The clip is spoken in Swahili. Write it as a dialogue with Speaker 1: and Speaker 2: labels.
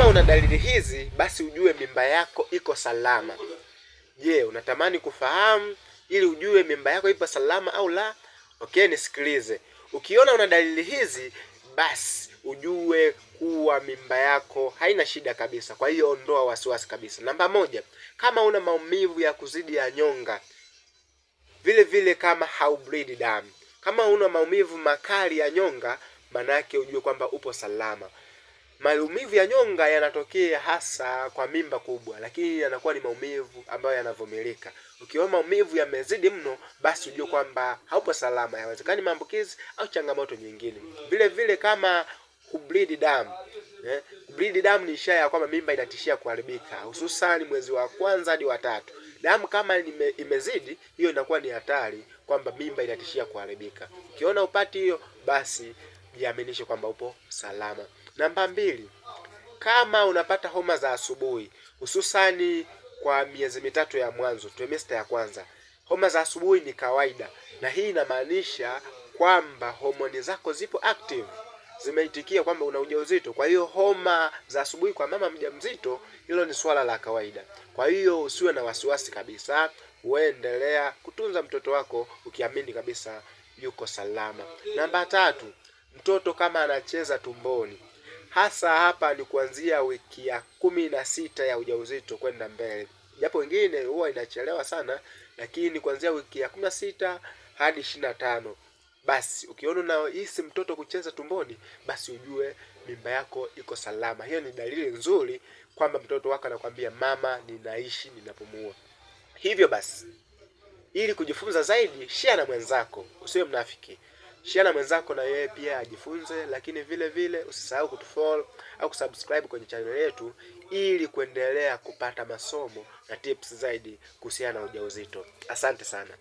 Speaker 1: Kama una dalili hizi, basi ujue mimba yako iko salama. Je, unatamani kufahamu ili ujue mimba yako ipo salama au la? Okay, nisikilize. Ukiona una dalili hizi, basi ujue kuwa mimba yako haina shida kabisa. Kwa hiyo ondoa wasiwasi kabisa. Namba moja, kama una maumivu ya kuzidi ya nyonga, vile vile kama haubleed damu, kama una maumivu makali ya nyonga, manake ujue kwamba upo salama. Maumivu ya nyonga yanatokea hasa kwa mimba kubwa, lakini yanakuwa ni maumivu ambayo yanavumilika. Ukiona maumivu yamezidi mno, basi ujue kwamba haupo salama, yawezekani maambukizi au changamoto nyingine. Vile vile kama kubleed damu eh, bleed damu ni ishara ya kwamba mimba inatishia kuharibika, hususan mwezi wa kwanza hadi wa tatu. Damu kama ime, imezidi, hiyo inakuwa ni hatari kwamba mimba inatishia kuharibika. Ukiona upati hiyo, basi jiaminishe kwamba upo salama. Namba mbili, kama unapata homa za asubuhi hususani kwa miezi mitatu ya mwanzo trimester ya kwanza, homa za asubuhi ni kawaida, na hii inamaanisha kwamba homoni zako zipo active, zimeitikia kwamba una ujauzito. Kwa hiyo homa za asubuhi kwa mama mjamzito, hilo ni swala la kawaida. Kwa hiyo usiwe na wasiwasi kabisa, uendelea kutunza mtoto wako ukiamini kabisa yuko salama. Namba tatu, mtoto kama anacheza tumboni Hasa hapa ni kuanzia wiki ya kumi na sita ya ujauzito kwenda mbele, japo wengine huwa inachelewa sana, lakini kuanzia wiki ya kumi na sita hadi ishirini na tano basi ukiona unahisi mtoto kucheza tumboni, basi ujue mimba yako iko salama. Hiyo ni dalili nzuri kwamba mtoto wako anakwambia mama, ninaishi, ninapumua. Hivyo basi, ili kujifunza zaidi, share na mwenzako, usiwe mnafiki share na mwenzako na yeye pia ajifunze, lakini vile vile usisahau kutufollow au kusubscribe kwenye channel yetu ili kuendelea kupata masomo na tips zaidi kuhusiana na ujauzito. Asante sana.